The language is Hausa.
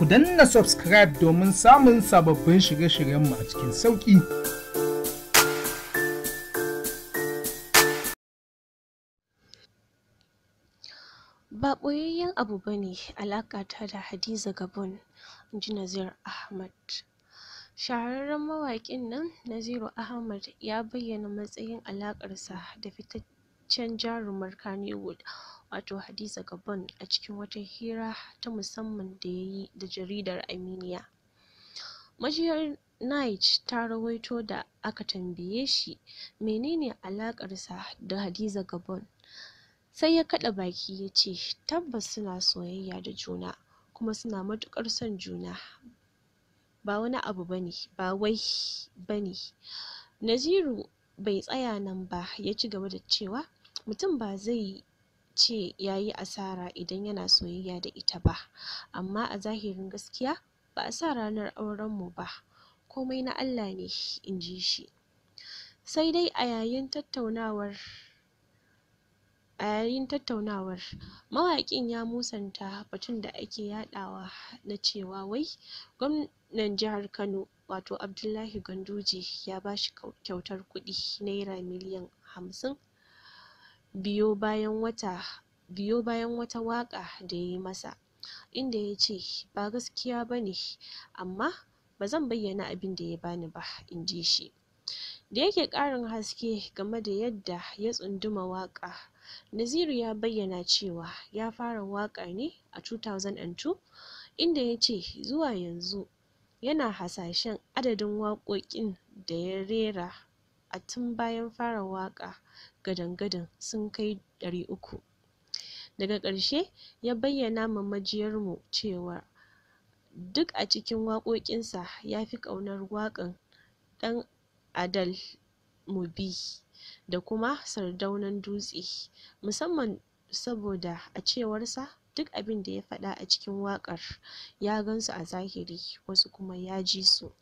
ku danna subscribe domin samun sababbin shirye-shiryenmu a cikin sauƙi. Ba ɓoyayyen abu ba ne alaƙata da Hadiza Gabon, ji Nazir Ahmad. Shahararren mawaƙin nan Naziru Ahmad ya bayyana matsayin alaƙarsa da fitar fitaccen jarumar Kannywood, wato Hadiza Gabon a cikin wata hira ta musamman da ya yi da jaridar Aminiya. Majiyar Niger ta rawaito da aka tambaye shi menene alaƙarsa da Hadiza Gabon, sai ya kaɗa baki ya ce tabbas suna soyayya da juna kuma suna matuƙar son juna, ba wani abu ba ne, ba wai ba Naziru bai tsaya nan ba ya ci gaba da cewa mutum ba zai ce ya yi asara idan yana soyayya da ita ba amma a zahirin gaskiya ba a sa ranar auren mu ba komai na Allah ne in ji shi sai dai a yayin tattaunawar a yayin tattaunawar mawaƙin ya musanta batun da ake yaɗawa na cewa wai gwamnan jihar Kano wato Abdullahi Ganduje ya bashi kyautar kuɗi naira miliyan hamsin biyo bayan wata waƙa da ya yi masa inda yace ba gaskiya bane amma ba zan bayyana abin da ya bani ba in ji shi da yake ƙarin haske game da yadda ya tsunduma waƙa Naziru ya bayyana cewa ya fara waƙa ne a 2002 inda yace zuwa yanzu yana hasashen adadin waƙoƙin da ya rera a tun bayan fara waƙa gadan-gadan sun kai 300. Daga ƙarshe ya bayyana ma majiyarmu cewa duk a cikin waƙoƙinsa ya fi ƙaunar waƙan ɗan Adele bi, da kuma Sardaunan Dutse, musamman saboda a cewarsa duk abin da ya faɗa a cikin waƙar ya gansu a zahiri wasu kuma ya ji su.